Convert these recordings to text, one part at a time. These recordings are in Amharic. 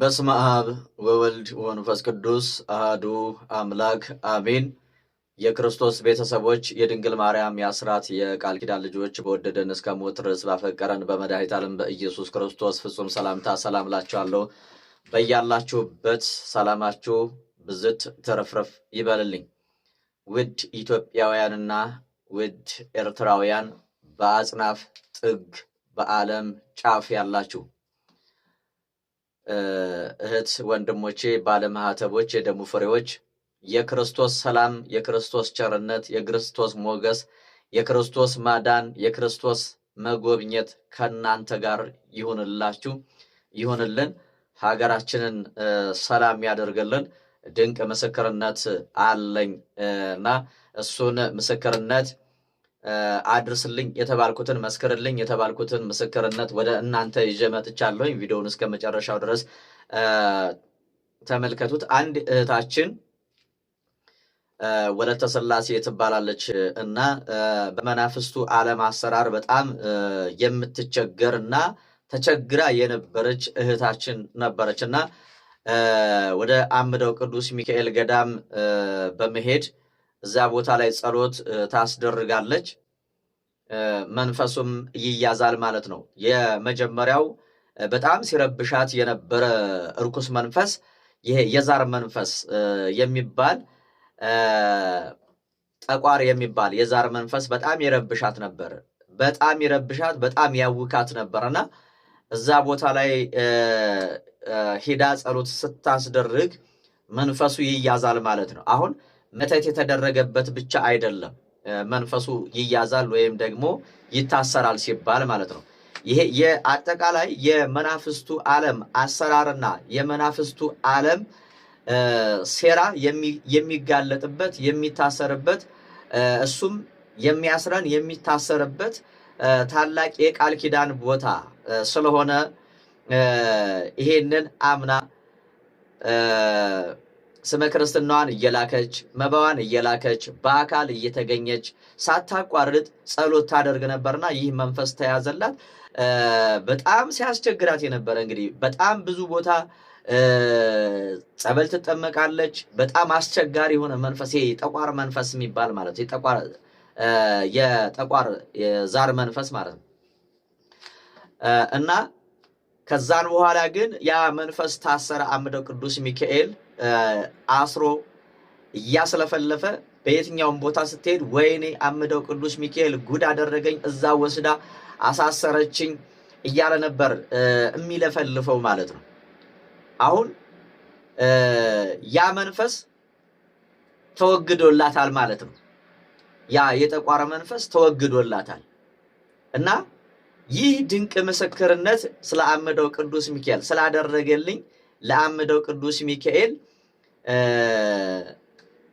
በስመ አብ ወወልድ ወመንፈስ ቅዱስ አህዱ አምላክ አሜን። የክርስቶስ ቤተሰቦች የድንግል ማርያም የአስራት የቃል ኪዳን ልጆች በወደደን እስከ ሞት ድረስ ባፈቀረን በመድኃኒተ ዓለም በኢየሱስ ክርስቶስ ፍጹም ሰላምታ ሰላም ላችኋለሁ። በያላችሁበት ሰላማችሁ ብዝት ትርፍርፍ ይበልልኝ። ውድ ኢትዮጵያውያንና ውድ ኤርትራውያን በአጽናፍ ጥግ በዓለም ጫፍ ያላችሁ እህት ወንድሞቼ፣ ባለማህተቦች፣ የደሙ ፍሬዎች የክርስቶስ ሰላም፣ የክርስቶስ ቸርነት፣ የክርስቶስ ሞገስ፣ የክርስቶስ ማዳን፣ የክርስቶስ መጎብኘት ከእናንተ ጋር ይሁንላችሁ ይሁንልን። ሀገራችንን ሰላም ያደርግልን። ድንቅ ምስክርነት አለኝ እና እሱን ምስክርነት አድርስልኝ የተባልኩትን መስክርልኝ የተባልኩትን ምስክርነት ወደ እናንተ ይዤ መጥቻለሁኝ። ቪዲዮውን እስከ መጨረሻው ድረስ ተመልከቱት። አንድ እህታችን ወለተ ስላሴ ትባላለች እና በመናፍስቱ ዓለም አሰራር በጣም የምትቸገር እና ተቸግራ የነበረች እህታችን ነበረች እና ወደ አምደው ቅዱስ ሚካኤል ገዳም በመሄድ እዛ ቦታ ላይ ጸሎት ታስደርጋለች። መንፈሱም ይያዛል ማለት ነው። የመጀመሪያው በጣም ሲረብሻት የነበረ እርኩስ መንፈስ ይሄ የዛር መንፈስ የሚባል ጠቋር የሚባል የዛር መንፈስ በጣም ይረብሻት ነበር። በጣም ይረብሻት፣ በጣም ያውካት ነበር እና እዛ ቦታ ላይ ሂዳ ጸሎት ስታስደርግ መንፈሱ ይያዛል ማለት ነው አሁን መተት የተደረገበት ብቻ አይደለም መንፈሱ ይያዛል ወይም ደግሞ ይታሰራል ሲባል ማለት ነው። ይሄ የአጠቃላይ የመናፍስቱ ዓለም አሰራርና የመናፍስቱ ዓለም ሴራ የሚጋለጥበት የሚታሰርበት እሱም የሚያስረን የሚታሰርበት ታላቅ የቃል ኪዳን ቦታ ስለሆነ ይሄንን አምና ስመ ክርስትናዋን እየላከች መባዋን እየላከች በአካል እየተገኘች ሳታቋርጥ ጸሎት ታደርግ ነበርና ይህ መንፈስ ተያዘላት። በጣም ሲያስቸግራት የነበረ እንግዲህ በጣም ብዙ ቦታ ጸበል ትጠመቃለች። በጣም አስቸጋሪ የሆነ መንፈስ የጠቋር መንፈስ የሚባል ማለት የጠቋር የዛር መንፈስ ማለት ነው እና ከዛን በኋላ ግን ያ መንፈስ ታሰረ። አምደው ቅዱስ ሚካኤል አስሮ እያስለፈለፈ በየትኛውም ቦታ ስትሄድ ወይኔ አምደው ቅዱስ ሚካኤል ጉድ አደረገኝ፣ እዛ ወስዳ አሳሰረችኝ እያለ ነበር የሚለፈልፈው ማለት ነው። አሁን ያ መንፈስ ተወግዶላታል ማለት ነው። ያ የጠቋረ መንፈስ ተወግዶላታል እና ይህ ድንቅ ምስክርነት ስለ አምደው ቅዱስ ሚካኤል ስላደረገልኝ ለአምደው ቅዱስ ሚካኤል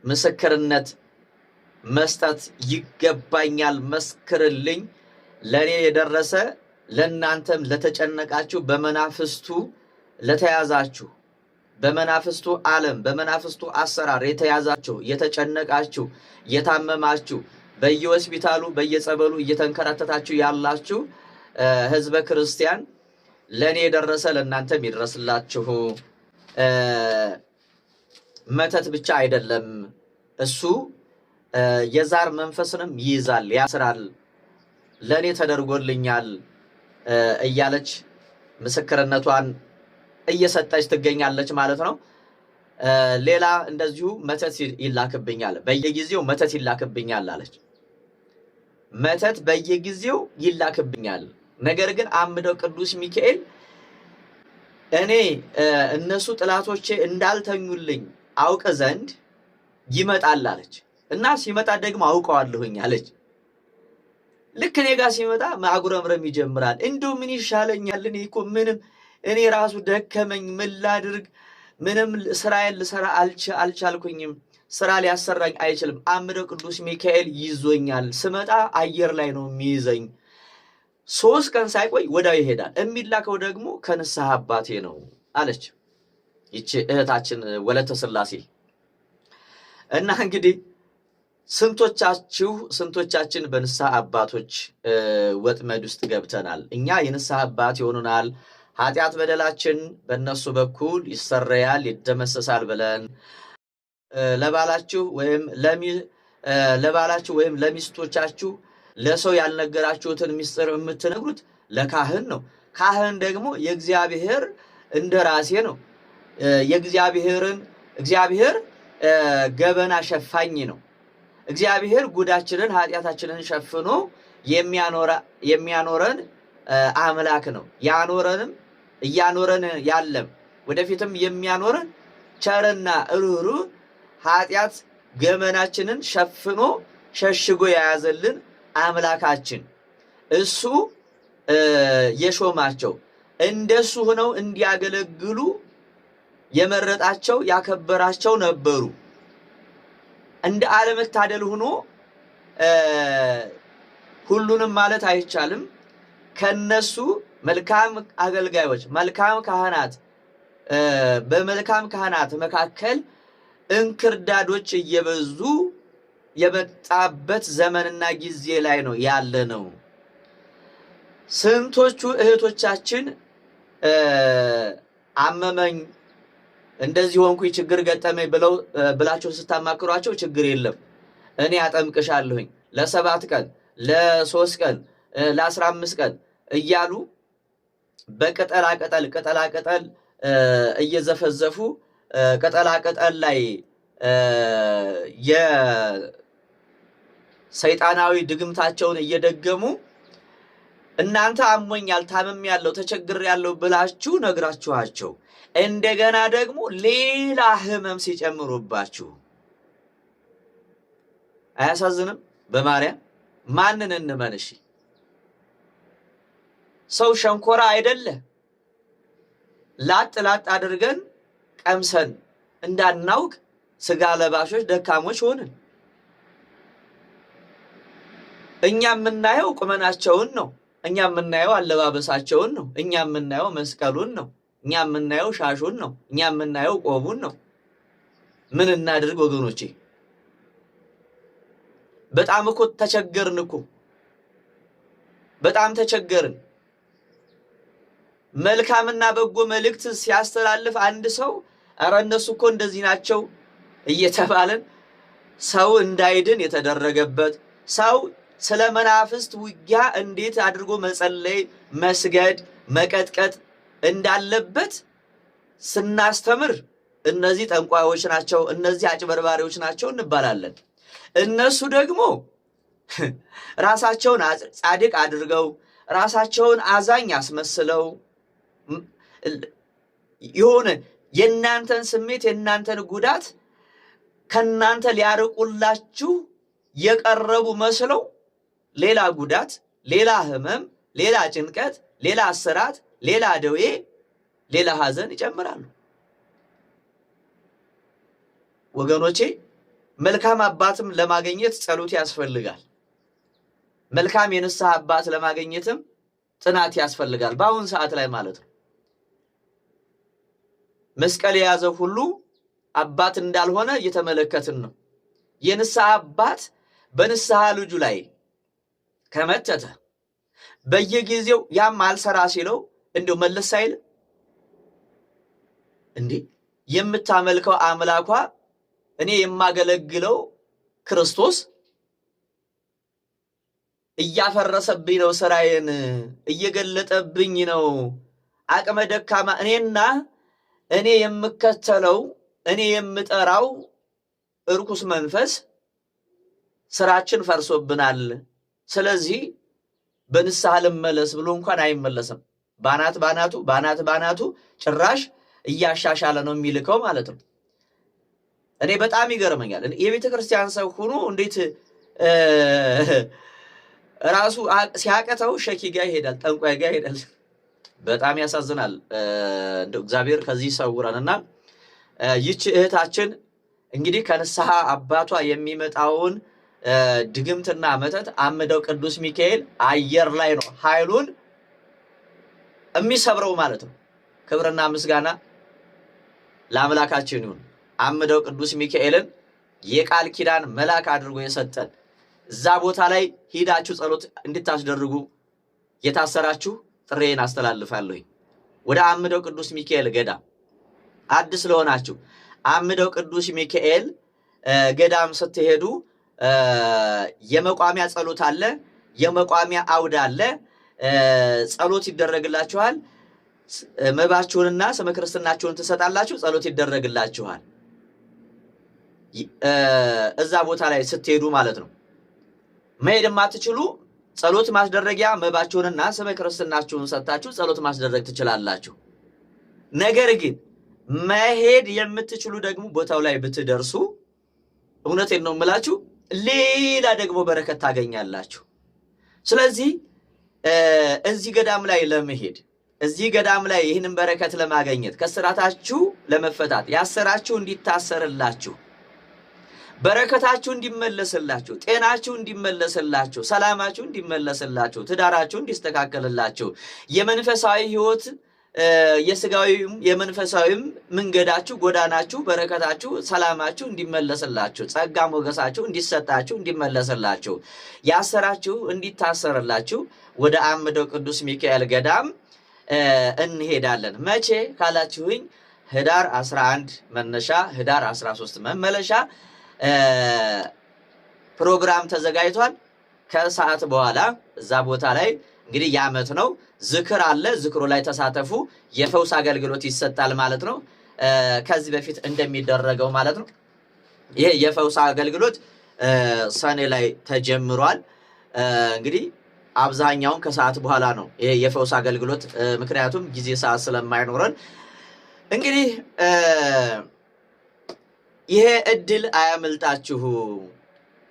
ምስክርነት መስጠት ይገባኛል። መስክርልኝ፣ ለእኔ የደረሰ ለእናንተም ለተጨነቃችሁ፣ በመናፍስቱ ለተያዛችሁ፣ በመናፍስቱ ዓለም በመናፍስቱ አሰራር የተያዛችሁ፣ የተጨነቃችሁ፣ የታመማችሁ፣ በየሆስፒታሉ በየጸበሉ እየተንከራተታችሁ ያላችሁ ህዝበ ክርስቲያን ለእኔ የደረሰ ለእናንተ የሚድረስላችሁ መተት ብቻ አይደለም፣ እሱ የዛር መንፈስንም ይይዛል፣ ያስራል። ለእኔ ተደርጎልኛል እያለች ምስክርነቷን እየሰጠች ትገኛለች ማለት ነው። ሌላ እንደዚሁ መተት ይላክብኛል፣ በየጊዜው መተት ይላክብኛል አለች። መተት በየጊዜው ይላክብኛል ነገር ግን አምደው ቅዱስ ሚካኤል እኔ እነሱ ጥላቶቼ እንዳልተኙልኝ አውቅ ዘንድ ይመጣል አለች እና ሲመጣ ደግሞ አውቀዋለሁኝ አለች። ልክ እኔ ጋር ሲመጣ ማጉረምረም ይጀምራል። እንዲሁ ምን ይሻለኛል? እኔ እኮ ምንም እኔ ራሱ ደከመኝ፣ ምን ላድርግ? ምንም ስራዬን ልሰራ አልች አልቻልኩኝም። ስራ ሊያሰራኝ አይችልም። አምደው ቅዱስ ሚካኤል ይዞኛል። ስመጣ አየር ላይ ነው የሚይዘኝ ሶስት ቀን ሳይቆይ ወዳው ይሄዳል። የሚላከው ደግሞ ከንስሐ አባቴ ነው አለች ይቺ እህታችን ወለተ ስላሴ። እና እንግዲህ ስንቶቻችሁ ስንቶቻችን በንስሐ አባቶች ወጥመድ ውስጥ ገብተናል? እኛ የንስሐ አባት ይሆኑናል፣ ኃጢአት በደላችን በእነሱ በኩል ይሰረያል፣ ይደመሰሳል ብለን ለባላችሁ ወይም ለባላችሁ ወይም ለሚስቶቻችሁ ለሰው ያልነገራችሁትን ምስጢር የምትነግሩት ለካህን ነው። ካህን ደግሞ የእግዚአብሔር እንደራሴ ነው። የእግዚአብሔርን እግዚአብሔር ገበና ሸፋኝ ነው። እግዚአብሔር ጉዳችንን ኃጢአታችንን ሸፍኖ የሚያኖረን አምላክ ነው። ያኖረንም እያኖረን ያለም ወደፊትም የሚያኖረን ቸርና ርኅሩህ ኃጢአት ገመናችንን ሸፍኖ ሸሽጎ የያዘልን አምላካችን እሱ የሾማቸው እንደሱ ሆነው እንዲያገለግሉ የመረጣቸው ያከበራቸው ነበሩ። እንደ አለመታደል ሆኖ ሁሉንም ማለት አይቻልም። ከነሱ መልካም አገልጋዮች፣ መልካም ካህናት በመልካም ካህናት መካከል እንክርዳዶች እየበዙ የመጣበት ዘመንና ጊዜ ላይ ነው ያለ ነው። ስንቶቹ እህቶቻችን አመመኝ፣ እንደዚህ ሆንኩኝ፣ ችግር ገጠመኝ ብለው ብላቸው ስታማክሯቸው ችግር የለም እኔ አጠምቅሻለሁኝ ለሰባት ቀን ለሶስት ቀን ለአስራ አምስት ቀን እያሉ በቅጠላ ቅጠል ቅጠላ ቅጠል እየዘፈዘፉ ቅጠላ ቅጠል ላይ የሰይጣናዊ ድግምታቸውን እየደገሙ እናንተ አሞኛል፣ ታምም ያለው ተቸግር ያለው ብላችሁ ነግራችኋቸው እንደገና ደግሞ ሌላ ህመም ሲጨምሩባችሁ አያሳዝንም? በማርያም ማንን እንመን? እሺ ሰው ሸንኮራ አይደለ? ላጥ ላጥ አድርገን ቀምሰን እንዳናውቅ ስጋ ለባሾች ደካሞች ሆንን። እኛ የምናየው ቁመናቸውን ነው። እኛ የምናየው አለባበሳቸውን ነው። እኛ የምናየው መስቀሉን ነው። እኛ የምናየው ሻሹን ነው። እኛ የምናየው ቆቡን ነው። ምን እናድርግ ወገኖቼ? በጣም እኮ ተቸገርን እኮ በጣም ተቸገርን። መልካምና በጎ መልእክት ሲያስተላልፍ አንድ ሰው እረ እነሱ እኮ እንደዚህ ናቸው እየተባልን ሰው እንዳይድን የተደረገበት ሰው ስለ መናፍስት ውጊያ እንዴት አድርጎ መጸለይ፣ መስገድ፣ መቀጥቀጥ እንዳለበት ስናስተምር እነዚህ ጠንቋዮች ናቸው፣ እነዚህ አጭበርባሪዎች ናቸው እንባላለን። እነሱ ደግሞ ራሳቸውን ጻድቅ አድርገው ራሳቸውን አዛኝ አስመስለው የሆነ የእናንተን ስሜት የእናንተን ጉዳት ከእናንተ ሊያርቁላችሁ የቀረቡ መስለው ሌላ ጉዳት፣ ሌላ ህመም፣ ሌላ ጭንቀት፣ ሌላ ስራት፣ ሌላ ደዌ፣ ሌላ ሐዘን ይጨምራሉ። ወገኖቼ መልካም አባትም ለማግኘት ጸሎት ያስፈልጋል። መልካም የንስሐ አባት ለማግኘትም ጥናት ያስፈልጋል። በአሁን ሰዓት ላይ ማለት ነው። መስቀል የያዘ ሁሉ አባት እንዳልሆነ እየተመለከትን ነው። የንስሐ አባት በንስሐ ልጁ ላይ ከመተተ በየጊዜው ያም አልሰራ ሲለው እንዲሁ መለስ አይል እንዴ የምታመልከው አምላኳ እኔ የማገለግለው ክርስቶስ እያፈረሰብኝ ነው፣ ስራዬን እየገለጠብኝ ነው። አቅመ ደካማ እኔና እኔ የምከተለው እኔ የምጠራው እርኩስ መንፈስ ስራችን ፈርሶብናል፣ ስለዚህ በንስሐ ልመለስ ብሎ እንኳን አይመለስም። ባናት ባናቱ ባናት ባናቱ ጭራሽ እያሻሻለ ነው የሚልከው ማለት ነው። እኔ በጣም ይገርመኛል። የቤተ ክርስቲያን ሰው ሆኖ እንዴት ራሱ ሲያቀተው ሸኪ ጋ ይሄዳል፣ ጠንቋይ ጋ ይሄዳል። በጣም ያሳዝናል። እግዚአብሔር ከዚህ ይሰውረንና ይቺ እህታችን እንግዲህ ከንስሐ አባቷ የሚመጣውን ድግምትና መተት አምደው ቅዱስ ሚካኤል አየር ላይ ነው ኃይሉን የሚሰብረው ማለት ነው። ክብርና ምስጋና ለአምላካችን ይሁን። አምደው ቅዱስ ሚካኤልን የቃል ኪዳን መልአክ አድርጎ የሰጠን እዛ ቦታ ላይ ሂዳችሁ ጸሎት እንድታስደርጉ የታሰራችሁ ጥሬን አስተላልፋለሁኝ። ወደ አምደው ቅዱስ ሚካኤል ገዳም አዲስ ለሆናችሁ አምደው ቅዱስ ሚካኤል ገዳም ስትሄዱ የመቋሚያ ጸሎት አለ፣ የመቋሚያ አውድ አለ። ጸሎት ይደረግላችኋል። መባችሁንና ስመ ክርስትናችሁን ትሰጣላችሁ። ጸሎት ይደረግላችኋል እዛ ቦታ ላይ ስትሄዱ ማለት ነው። መሄድ የማትችሉ ጸሎት ማስደረጊያ መባችሁንና ስመ ክርስትናችሁን ሰጥታችሁ ጸሎት ማስደረግ ትችላላችሁ። ነገር ግን መሄድ የምትችሉ ደግሞ ቦታው ላይ ብትደርሱ እውነቴን ነው የምላችሁ፣ ሌላ ደግሞ በረከት ታገኛላችሁ። ስለዚህ እዚህ ገዳም ላይ ለመሄድ እዚህ ገዳም ላይ ይህንን በረከት ለማገኘት ከስራታችሁ ለመፈታት ያሰራችሁ እንዲታሰርላችሁ፣ በረከታችሁ እንዲመለስላችሁ፣ ጤናችሁ እንዲመለስላችሁ፣ ሰላማችሁ እንዲመለስላችሁ፣ ትዳራችሁ እንዲስተካከልላችሁ የመንፈሳዊ ህይወት የስጋዊም የመንፈሳዊም መንገዳችሁ፣ ጎዳናችሁ፣ በረከታችሁ፣ ሰላማችሁ እንዲመለስላችሁ፣ ጸጋ ሞገሳችሁ እንዲሰጣችሁ፣ እንዲመለስላችሁ፣ ያሰራችሁ እንዲታሰርላችሁ ወደ አምደው ቅዱስ ሚካኤል ገዳም እንሄዳለን። መቼ ካላችሁኝ ህዳር 11 መነሻ ህዳር 13 መመለሻ ፕሮግራም ተዘጋጅቷል። ከሰዓት በኋላ እዛ ቦታ ላይ እንግዲህ የዓመት ነው። ዝክር አለ። ዝክሩ ላይ ተሳተፉ። የፈውስ አገልግሎት ይሰጣል ማለት ነው። ከዚህ በፊት እንደሚደረገው ማለት ነው። ይሄ የፈውስ አገልግሎት ሰኔ ላይ ተጀምሯል። እንግዲህ አብዛኛውን ከሰዓት በኋላ ነው ይሄ የፈውስ አገልግሎት፣ ምክንያቱም ጊዜ ሰዓት ስለማይኖረን እንግዲህ ይሄ እድል አያመልጣችሁ።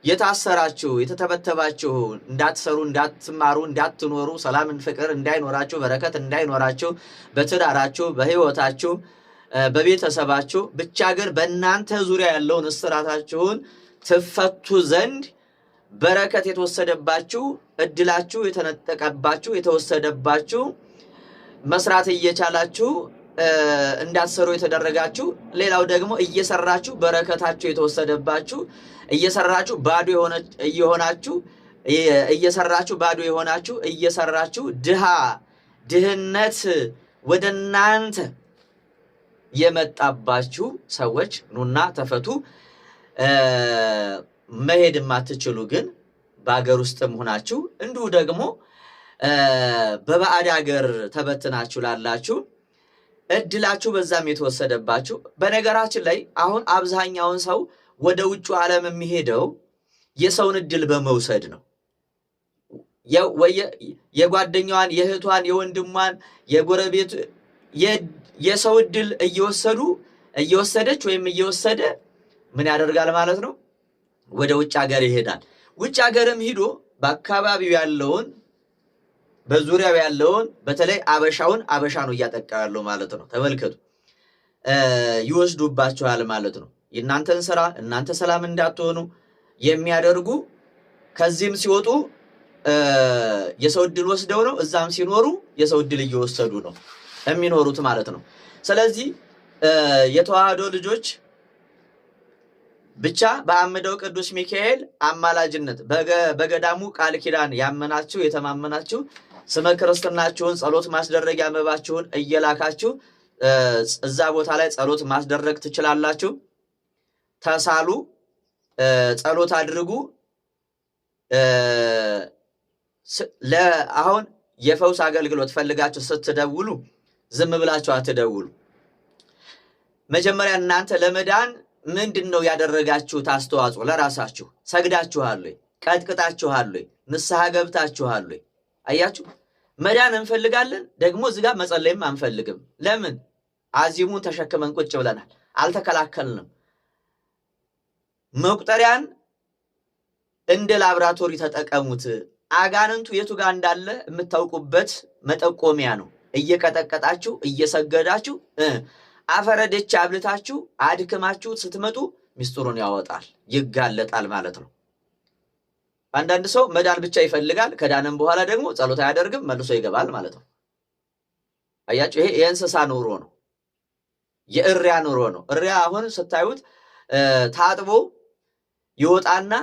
የታሰራችሁ የተተበተባችሁ እንዳትሰሩ እንዳትማሩ እንዳትኖሩ ሰላምን ፍቅር እንዳይኖራችሁ በረከት እንዳይኖራችሁ በትዳራችሁ በህይወታችሁ በቤተሰባችሁ ብቻ ግን በእናንተ ዙሪያ ያለውን እስራታችሁን ትፈቱ ዘንድ በረከት የተወሰደባችሁ እድላችሁ የተነጠቀባችሁ የተወሰደባችሁ መስራት እየቻላችሁ እንዳትሰሩ የተደረጋችሁ፣ ሌላው ደግሞ እየሰራችሁ በረከታችሁ የተወሰደባችሁ፣ እየሰራችሁ ባዶ የሆናችሁ እየሰራችሁ ባዶ የሆናችሁ እየሰራችሁ ድሃ ድህነት ወደ እናንተ የመጣባችሁ ሰዎች ኑና ተፈቱ። መሄድ የማትችሉ ግን በሀገር ውስጥም ሆናችሁ እንዲሁ ደግሞ በባዕድ ሀገር ተበትናችሁ ላላችሁ እድላችሁ በዛም የተወሰደባችሁ። በነገራችን ላይ አሁን አብዛኛውን ሰው ወደ ውጩ ዓለም የሚሄደው የሰውን እድል በመውሰድ ነው። የጓደኛዋን፣ የእህቷን፣ የወንድሟን፣ የጎረቤቱ የሰው እድል እየወሰዱ እየወሰደች ወይም እየወሰደ ምን ያደርጋል ማለት ነው? ወደ ውጭ ሀገር ይሄዳል። ውጭ ሀገርም ሂዶ በአካባቢው ያለውን በዙሪያው ያለውን በተለይ አበሻውን አበሻ ነው እያጠቃ ያለው ማለት ነው። ተመልከቱ፣ ይወስዱባችኋል ማለት ነው። የእናንተን ስራ እናንተ ሰላም እንዳትሆኑ የሚያደርጉ ከዚህም ሲወጡ የሰው እድል ወስደው ነው፣ እዛም ሲኖሩ የሰው እድል እየወሰዱ ነው የሚኖሩት ማለት ነው። ስለዚህ የተዋህዶ ልጆች ብቻ በአምደው ቅዱስ ሚካኤል አማላጅነት በገዳሙ ቃል ኪዳን ያመናችሁ የተማመናችሁ ስመ ክርስትናችሁን ጸሎት ማስደረግ ያመባችሁን እየላካችሁ እዛ ቦታ ላይ ጸሎት ማስደረግ ትችላላችሁ። ተሳሉ፣ ጸሎት አድርጉ። አሁን የፈውስ አገልግሎት ፈልጋችሁ ስትደውሉ ዝም ብላችሁ አትደውሉ። መጀመሪያ እናንተ ለመዳን ምንድን ነው ያደረጋችሁት አስተዋጽኦ? ለራሳችሁ ሰግዳችኋል ወይ? ቀጥቅጣችኋል ወይ? ንስሐ ገብታችኋል ወይ? አያችሁ፣ መዳን እንፈልጋለን ደግሞ እዚጋ መጸለይም አንፈልግም። ለምን? አዚሙን ተሸክመን ቁጭ ብለናል። አልተከላከልንም። መቁጠሪያን እንደ ላብራቶሪ ተጠቀሙት። አጋንንቱ የቱ ጋር እንዳለ የምታውቁበት መጠቆሚያ ነው። እየቀጠቀጣችሁ እየሰገዳችሁ አፈረደች አብልታችሁ አድክማችሁ ስትመጡ ሚስጥሩን ያወጣል፣ ይጋለጣል ማለት ነው። አንዳንድ ሰው መዳን ብቻ ይፈልጋል። ከዳንም በኋላ ደግሞ ጸሎት አያደርግም፣ መልሶ ይገባል ማለት ነው። አያችሁ፣ ይሄ የእንስሳ ኑሮ ነው፣ የእሪያ ኑሮ ነው። እሪያ አሁን ስታዩት ታጥቦ ይወጣና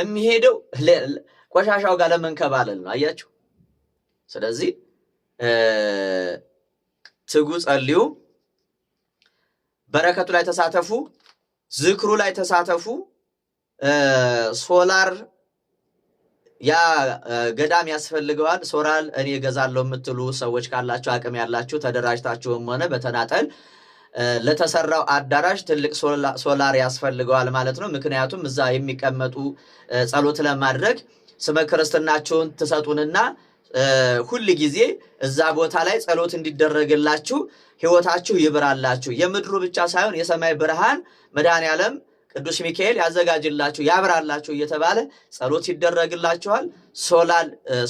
የሚሄደው ቆሻሻው ጋር ለመንከባለል ነው። አያችሁ። ስለዚህ ትጉ፣ ጸልዩ፣ በረከቱ ላይ ተሳተፉ፣ ዝክሩ ላይ ተሳተፉ። ሶላር ያ ገዳም ያስፈልገዋል። ሶራል እኔ እገዛለሁ የምትሉ ሰዎች ካላችሁ አቅም ያላችሁ ተደራጅታችሁም ሆነ በተናጠል ለተሰራው አዳራሽ ትልቅ ሶላር ያስፈልገዋል ማለት ነው። ምክንያቱም እዛ የሚቀመጡ ጸሎት ለማድረግ ስመ ክርስትናችሁን ትሰጡንና ሁል ጊዜ እዛ ቦታ ላይ ጸሎት እንዲደረግላችሁ ህይወታችሁ ይብራላችሁ። የምድሩ ብቻ ሳይሆን የሰማይ ብርሃን መድኃኔ ዓለም ቅዱስ ሚካኤል ያዘጋጅላቸው ያብራላቸው እየተባለ ጸሎት ይደረግላቸዋል።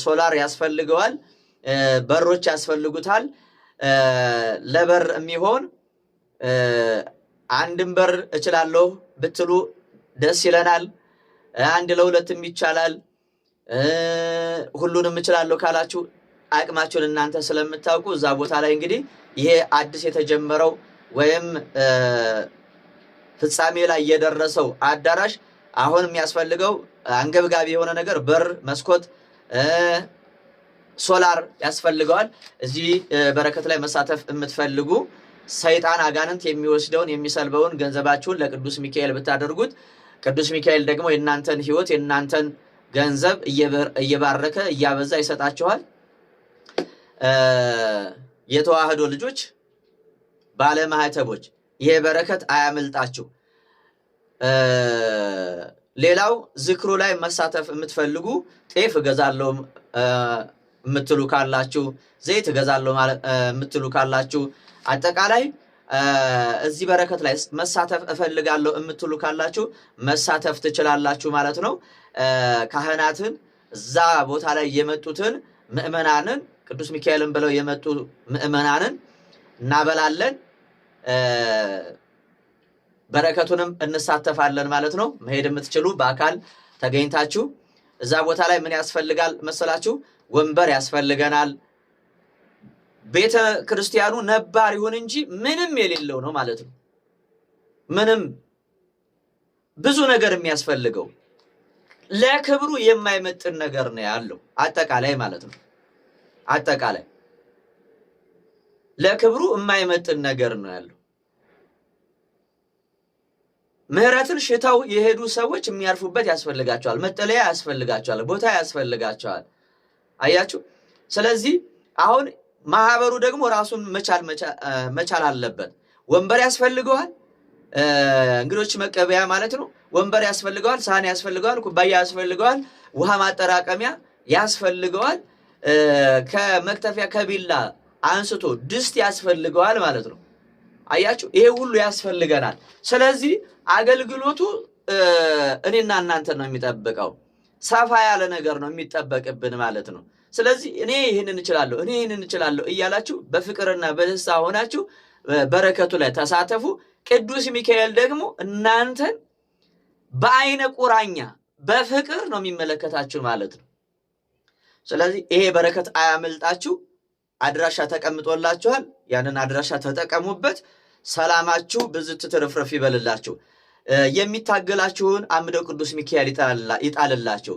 ሶላር ያስፈልገዋል፣ በሮች ያስፈልጉታል። ለበር የሚሆን አንድን በር እችላለሁ ብትሉ ደስ ይለናል። አንድ ለሁለትም ይቻላል። ሁሉንም እችላለሁ ካላችሁ አቅማችሁን እናንተ ስለምታውቁ እዛ ቦታ ላይ እንግዲህ ይሄ አዲስ የተጀመረው ወይም ፍጻሜ ላይ የደረሰው አዳራሽ አሁን የሚያስፈልገው አንገብጋቢ የሆነ ነገር በር፣ መስኮት፣ ሶላር ያስፈልገዋል። እዚህ በረከት ላይ መሳተፍ የምትፈልጉ ሰይጣን አጋንንት የሚወስደውን የሚሰልበውን ገንዘባችሁን ለቅዱስ ሚካኤል ብታደርጉት ቅዱስ ሚካኤል ደግሞ የእናንተን ሕይወት የእናንተን ገንዘብ እየባረከ እያበዛ ይሰጣችኋል። የተዋህዶ ልጆች ባለማህተቦች ይሄ በረከት አያመልጣችሁ። ሌላው ዝክሩ ላይ መሳተፍ የምትፈልጉ ጤፍ እገዛለሁ የምትሉ ካላችሁ፣ ዘይት እገዛለሁ የምትሉ ካላችሁ፣ አጠቃላይ እዚህ በረከት ላይ መሳተፍ እፈልጋለሁ የምትሉ ካላችሁ መሳተፍ ትችላላችሁ ማለት ነው። ካህናትን እዛ ቦታ ላይ የመጡትን ምእመናንን ቅዱስ ሚካኤልን ብለው የመጡ ምእመናንን እናበላለን። በረከቱንም እንሳተፋለን ማለት ነው። መሄድ የምትችሉ በአካል ተገኝታችሁ እዛ ቦታ ላይ ምን ያስፈልጋል መሰላችሁ? ወንበር ያስፈልገናል። ቤተ ክርስቲያኑ ነባር ይሁን እንጂ ምንም የሌለው ነው ማለት ነው። ምንም ብዙ ነገር የሚያስፈልገው ለክብሩ የማይመጥን ነገር ነው ያለው አጠቃላይ ማለት ነው። አጠቃላይ ለክብሩ የማይመጥን ነገር ነው ያለው። ምህረትን ሽተው የሄዱ ሰዎች የሚያርፉበት ያስፈልጋቸዋል፣ መጠለያ ያስፈልጋቸዋል፣ ቦታ ያስፈልጋቸዋል። አያችሁ። ስለዚህ አሁን ማህበሩ ደግሞ ራሱን መቻል አለበት። ወንበር ያስፈልገዋል፣ እንግዶች መቀበያ ማለት ነው። ወንበር ያስፈልገዋል፣ ሳህን ያስፈልገዋል፣ ኩባያ ያስፈልገዋል፣ ውሃ ማጠራቀሚያ ያስፈልገዋል፣ ከመክተፊያ ከቢላ አንስቶ ድስት ያስፈልገዋል ማለት ነው። አያችሁ፣ ይሄ ሁሉ ያስፈልገናል። ስለዚህ አገልግሎቱ እኔና እናንተን ነው የሚጠብቀው። ሰፋ ያለ ነገር ነው የሚጠበቅብን ማለት ነው። ስለዚህ እኔ ይህንን እችላለሁ፣ እኔ ይህንን እችላለሁ እያላችሁ በፍቅርና በደስታ ሆናችሁ በረከቱ ላይ ተሳተፉ። ቅዱስ ሚካኤል ደግሞ እናንተን በአይነ ቁራኛ በፍቅር ነው የሚመለከታችሁ ማለት ነው። ስለዚህ ይሄ በረከት አያመልጣችሁ። አድራሻ ተቀምጦላችኋል። ያንን አድራሻ ተጠቀሙበት። ሰላማችሁ ብዝት ትርፍርፍ ይበልላችሁ። የሚታገላችሁን አምደው ቅዱስ ሚካኤል ይጣልላችሁ።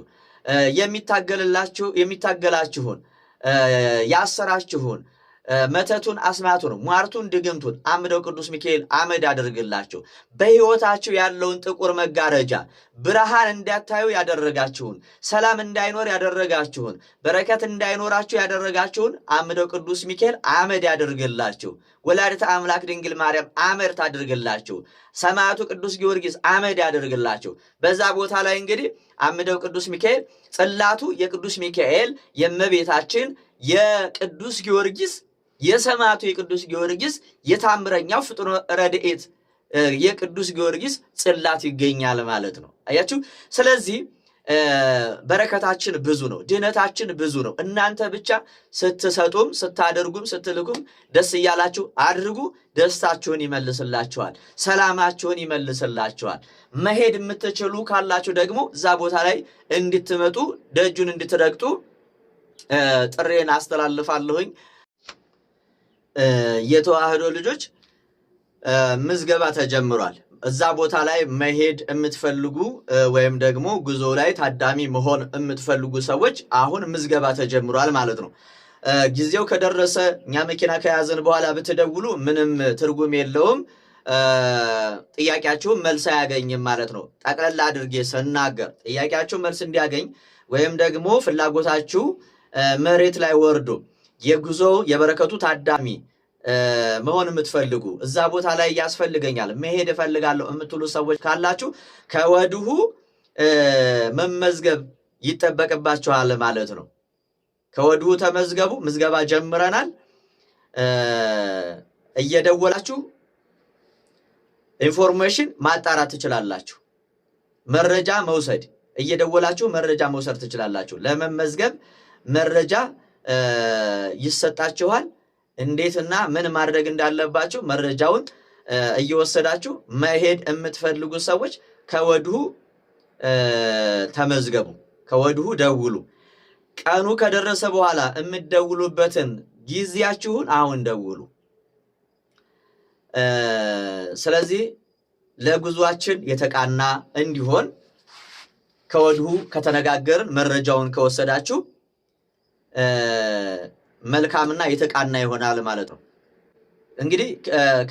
የሚታገልላችሁ የሚታገላችሁን ያሰራችሁን መተቱን አስማቱን ሟርቱን ድግምቱን አምደው ቅዱስ ሚካኤል አመድ አድርግላችሁ። በሕይወታችሁ ያለውን ጥቁር መጋረጃ ብርሃን እንዳታዩ ያደረጋችሁን፣ ሰላም እንዳይኖር ያደረጋችሁን፣ በረከት እንዳይኖራችሁ ያደረጋችሁን አምደው ቅዱስ ሚካኤል አመድ ያድርግላችሁ። ወላዲተ አምላክ ድንግል ማርያም አመድ ታድርግላችሁ። ሰማዕቱ ቅዱስ ጊዮርጊስ አመድ ያድርግላችሁ። በዛ ቦታ ላይ እንግዲህ አምደው ቅዱስ ሚካኤል ጽላቱ የቅዱስ ሚካኤል የእመቤታችን የቅዱስ ጊዮርጊስ የሰማዕቱ የቅዱስ ጊዮርጊስ የታምረኛው ፍጡር ረድኤት የቅዱስ ጊዮርጊስ ጽላት ይገኛል ማለት ነው። አያችሁ። ስለዚህ በረከታችን ብዙ ነው፣ ድህነታችን ብዙ ነው። እናንተ ብቻ ስትሰጡም ስታደርጉም ስትልኩም ደስ እያላችሁ አድርጉ። ደስታችሁን ይመልስላችኋል፣ ሰላማችሁን ይመልስላችኋል። መሄድ የምትችሉ ካላችሁ ደግሞ እዛ ቦታ ላይ እንድትመጡ ደጁን እንድትረግጡ ጥሬን አስተላልፋለሁኝ። የተዋህዶ ልጆች ምዝገባ ተጀምሯል። እዛ ቦታ ላይ መሄድ የምትፈልጉ ወይም ደግሞ ጉዞ ላይ ታዳሚ መሆን የምትፈልጉ ሰዎች አሁን ምዝገባ ተጀምሯል ማለት ነው። ጊዜው ከደረሰ እኛ መኪና ከያዘን በኋላ ብትደውሉ ምንም ትርጉም የለውም። ጥያቄያችሁን መልስ አያገኝም ማለት ነው። ጠቅለላ አድርጌ ስናገር ጥያቄያችሁ መልስ እንዲያገኝ ወይም ደግሞ ፍላጎታችሁ መሬት ላይ ወርዶ የጉዞ የበረከቱ ታዳሚ መሆን የምትፈልጉ እዛ ቦታ ላይ ያስፈልገኛል መሄድ እፈልጋለሁ የምትሉ ሰዎች ካላችሁ ከወዲሁ መመዝገብ ይጠበቅባችኋል ማለት ነው። ከወዲሁ ተመዝገቡ። ምዝገባ ጀምረናል። እየደወላችሁ ኢንፎርሜሽን ማጣራት ትችላላችሁ። መረጃ መውሰድ እየደወላችሁ መረጃ መውሰድ ትችላላችሁ። ለመመዝገብ መረጃ ይሰጣችኋል። እንዴትና ምን ማድረግ እንዳለባችሁ መረጃውን እየወሰዳችሁ መሄድ የምትፈልጉ ሰዎች ከወዲሁ ተመዝገቡ፣ ከወዲሁ ደውሉ። ቀኑ ከደረሰ በኋላ የምትደውሉበትን ጊዜያችሁን አሁን ደውሉ። ስለዚህ ለጉዟችን የተቃና እንዲሆን ከወዲሁ ከተነጋገርን መረጃውን ከወሰዳችሁ መልካምና የተቃና ይሆናል ማለት ነው። እንግዲህ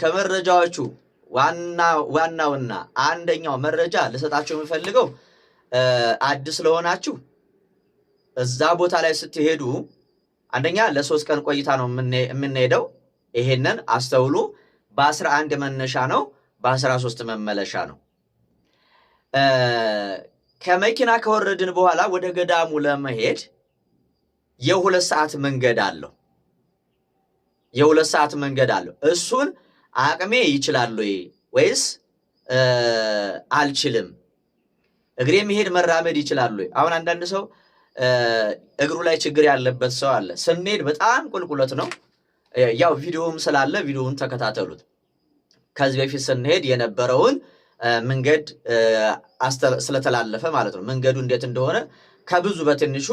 ከመረጃዎቹ ዋና ዋናውና አንደኛው መረጃ ልሰጣችሁ የምፈልገው አዲስ ለሆናችሁ እዛ ቦታ ላይ ስትሄዱ አንደኛ ለሶስት ቀን ቆይታ ነው የምንሄደው። ይሄንን አስተውሉ። በአስራ አንድ መነሻ ነው፣ በአስራ ሶስት መመለሻ ነው። ከመኪና ከወረድን በኋላ ወደ ገዳሙ ለመሄድ የሁለት ሰዓት መንገድ አለው። የሁለት ሰዓት መንገድ አለው። እሱን አቅሜ ይችላል ወይስ አልችልም? እግሬ መሄድ መራመድ ይችላል ወይ? አሁን አንዳንድ ሰው እግሩ ላይ ችግር ያለበት ሰው አለ። ስንሄድ በጣም ቁልቁለት ነው። ያው ቪዲዮም ስላለ ቪዲዮውን ተከታተሉት። ከዚህ በፊት ስንሄድ የነበረውን መንገድ ስለተላለፈ ማለት ነው መንገዱ እንዴት እንደሆነ ከብዙ በትንሹ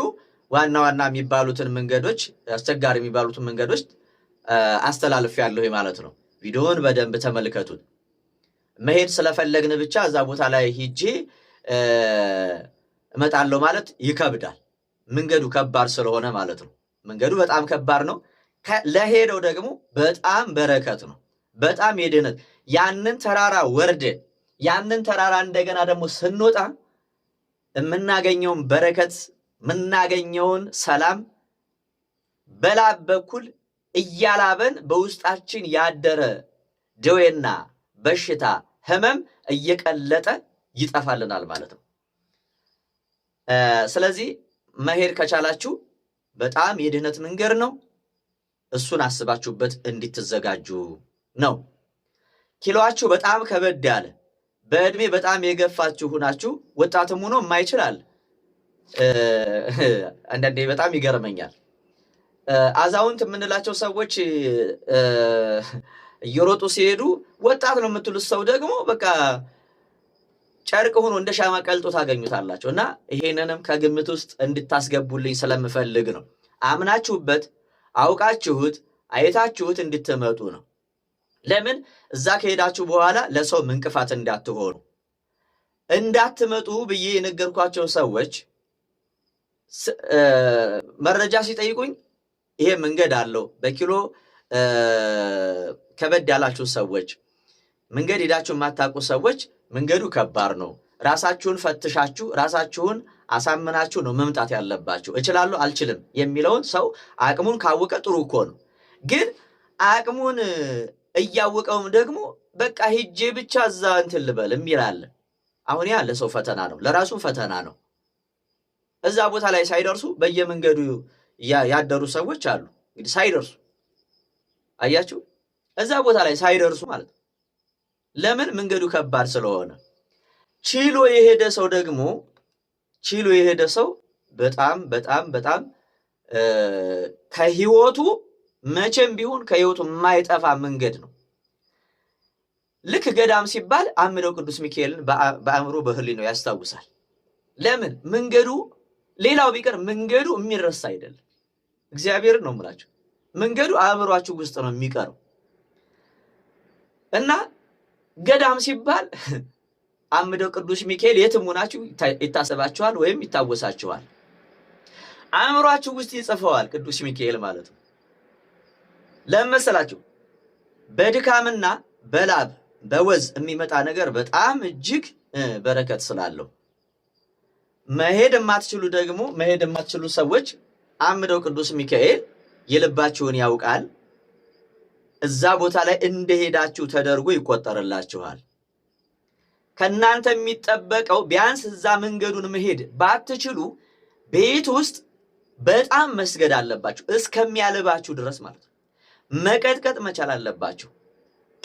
ዋና ዋና የሚባሉትን መንገዶች አስቸጋሪ የሚባሉትን መንገዶች አስተላልፍ ያለሁ ማለት ነው። ቪዲዮውን በደንብ ተመልከቱት። መሄድ ስለፈለግን ብቻ እዛ ቦታ ላይ ሂጄ እመጣለሁ ማለት ይከብዳል። መንገዱ ከባድ ስለሆነ ማለት ነው። መንገዱ በጣም ከባድ ነው። ለሄደው ደግሞ በጣም በረከት ነው። በጣም የድህነት ያንን ተራራ ወርደ ያንን ተራራ እንደገና ደግሞ ስንወጣ የምናገኘውን በረከት የምናገኘውን ሰላም በላብ በኩል እያላበን በውስጣችን ያደረ ደዌና በሽታ ህመም እየቀለጠ ይጠፋልናል ማለት ነው። ስለዚህ መሄድ ከቻላችሁ በጣም የድህነት መንገድ ነው። እሱን አስባችሁበት እንድትዘጋጁ ነው። ኪሎዋችሁ በጣም ከበድ ያለ በዕድሜ በጣም የገፋችሁ ሁናችሁ ወጣትም ሆኖ የማይችላል አንዳንዴ በጣም ይገርመኛል። አዛውንት የምንላቸው ሰዎች እየሮጡ ሲሄዱ ወጣት ነው የምትሉት ሰው ደግሞ በቃ ጨርቅ ሆኖ እንደ ሻማ ቀልጦ ታገኙታላቸው እና ይሄንንም ከግምት ውስጥ እንድታስገቡልኝ ስለምፈልግ ነው። አምናችሁበት አውቃችሁት አይታችሁት እንድትመጡ ነው። ለምን እዛ ከሄዳችሁ በኋላ ለሰው እንቅፋት እንዳትሆኑ እንዳትመጡ ብዬ የነገርኳቸው ሰዎች መረጃ ሲጠይቁኝ ይሄ መንገድ አለው በኪሎ ከበድ ያላችሁ ሰዎች መንገድ ሄዳችሁ የማታውቁ ሰዎች መንገዱ ከባድ ነው። ራሳችሁን ፈትሻችሁ ራሳችሁን አሳምናችሁ ነው መምጣት ያለባችሁ። እችላለሁ አልችልም የሚለውን ሰው አቅሙን ካወቀ ጥሩ እኮ ነው። ግን አቅሙን እያወቀውም ደግሞ በቃ ሂጄ ብቻ እዛ እንትን ልበል የሚላለ አሁን ያለ ሰው ፈተና ነው፣ ለራሱም ፈተና ነው። እዛ ቦታ ላይ ሳይደርሱ በየመንገዱ ያደሩ ሰዎች አሉ። እንግዲህ ሳይደርሱ አያችሁ፣ እዛ ቦታ ላይ ሳይደርሱ ማለት ነው። ለምን? መንገዱ ከባድ ስለሆነ። ችሎ የሄደ ሰው ደግሞ ችሎ የሄደ ሰው በጣም በጣም በጣም ከህይወቱ መቼም ቢሆን ከህይወቱ የማይጠፋ መንገድ ነው። ልክ ገዳም ሲባል አምደው ቅዱስ ሚካኤልን በአእምሮ በህሊ ነው ያስታውሳል። ለምን? መንገዱ ሌላው ቢቀር መንገዱ የሚረሳ አይደለም። እግዚአብሔር ነው የምላችሁ። መንገዱ አእምሯችሁ ውስጥ ነው የሚቀረው እና ገዳም ሲባል አምደው ቅዱስ ሚካኤል የትም ሆናችሁ ይታሰባችኋል ወይም ይታወሳችኋል። አእምሯችሁ ውስጥ ይጽፈዋል ቅዱስ ሚካኤል ማለት ነው። ለምን በድካምና በላብ በወዝ የሚመጣ ነገር በጣም እጅግ በረከት ስላለው መሄድ የማትችሉ ደግሞ መሄድ የማትችሉ ሰዎች አምደው ቅዱስ ሚካኤል የልባችሁን ያውቃል። እዛ ቦታ ላይ እንደሄዳችሁ ተደርጎ ይቆጠርላችኋል። ከእናንተ የሚጠበቀው ቢያንስ እዛ መንገዱን መሄድ ባትችሉ ቤት ውስጥ በጣም መስገድ አለባችሁ፣ እስከሚያልባችሁ ድረስ ማለት ነው። መቀጥቀጥ መቻል አለባችሁ።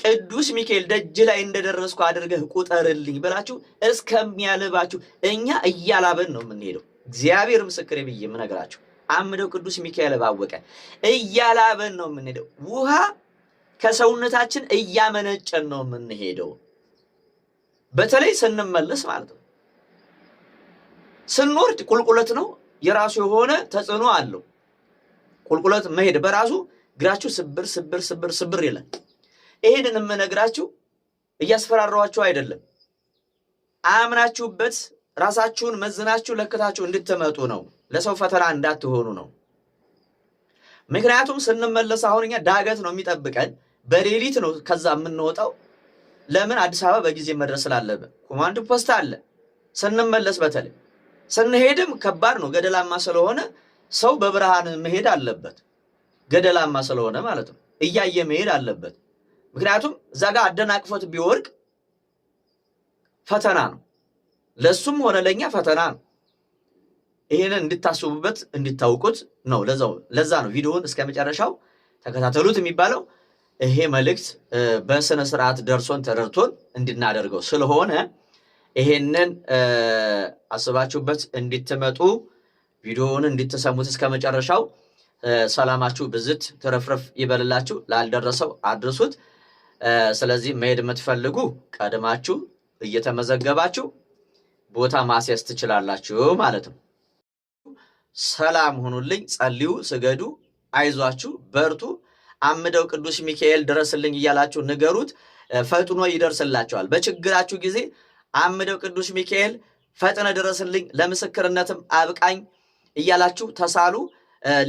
ቅዱስ ሚካኤል ደጅ ላይ እንደደረስኩ አድርገህ ቁጠርልኝ ብላችሁ እስከሚያልባችሁ እኛ እያላበን ነው የምንሄደው። እግዚአብሔር ምስክር ብዬ የምነግራችሁ አምደው ቅዱስ ሚካኤል ባወቀ እያላበን ነው የምንሄደው። ውሃ ከሰውነታችን እያመነጨን ነው የምንሄደው። በተለይ ስንመለስ ማለት ነው። ስንወርድ ቁልቁለት ነው፣ የራሱ የሆነ ተጽዕኖ አለው። ቁልቁለት መሄድ በራሱ እግራችሁ ስብር ስብር ስብር ስብር ይላል። ይሄንን የምነግራችሁ እያስፈራራኋችሁ አይደለም። አምናችሁበት ራሳችሁን መዝናችሁ ለክታችሁ እንድትመጡ ነው። ለሰው ፈተና እንዳትሆኑ ነው። ምክንያቱም ስንመለስ አሁን እኛ ዳገት ነው የሚጠብቀን። በሌሊት ነው ከዛ የምንወጣው። ለምን? አዲስ አበባ በጊዜ መድረስ ስላለብን። ኮማንድ ፖስት አለ። ስንመለስ በተለይ ስንሄድም ከባድ ነው፣ ገደላማ ስለሆነ ሰው በብርሃን መሄድ አለበት። ገደላማ ስለሆነ ማለት ነው፣ እያየ መሄድ አለበት። ምክንያቱም እዛ ጋር አደናቅፎት ቢወርቅ ፈተና ነው፣ ለሱም ሆነ ለእኛ ፈተና ነው። ይህንን እንድታስቡበት እንድታውቁት ነው። ለዛ ነው ቪዲዮውን እስከ መጨረሻው ተከታተሉት የሚባለው ይሄ መልእክት በስነ ስርዓት ደርሶን ተደርቶን እንድናደርገው ስለሆነ ይሄንን አስባችሁበት እንድትመጡ ቪዲዮውን እንድትሰሙት እስከ መጨረሻው። ሰላማችሁ ብዝት ትረፍረፍ ይበልላችሁ። ላልደረሰው አድርሱት። ስለዚህ መሄድ የምትፈልጉ ቀድማችሁ እየተመዘገባችሁ ቦታ ማስያዝ ትችላላችሁ ማለት ነው። ሰላም ሁኑልኝ፣ ጸልዩ፣ ስገዱ፣ አይዟችሁ፣ በርቱ፣ አምደው ቅዱስ ሚካኤል ድረስልኝ እያላችሁ ንገሩት። ፈጥኖ ይደርስላቸዋል በችግራችሁ ጊዜ አምደው ቅዱስ ሚካኤል ፈጥነ ድረስልኝ፣ ለምስክርነትም አብቃኝ እያላችሁ ተሳሉ።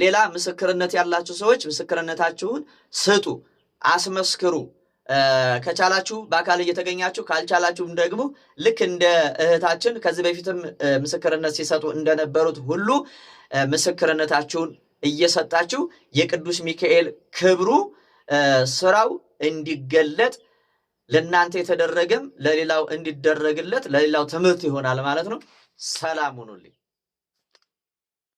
ሌላ ምስክርነት ያላችሁ ሰዎች ምስክርነታችሁን ስጡ፣ አስመስክሩ። ከቻላችሁ በአካል እየተገኛችሁ ካልቻላችሁም ደግሞ ልክ እንደ እህታችን ከዚህ በፊትም ምስክርነት ሲሰጡ እንደነበሩት ሁሉ ምስክርነታችሁን እየሰጣችሁ የቅዱስ ሚካኤል ክብሩ ስራው እንዲገለጥ ለእናንተ የተደረገም ለሌላው እንዲደረግለት ለሌላው ትምህርት ይሆናል ማለት ነው። ሰላም ሁኑልኝ።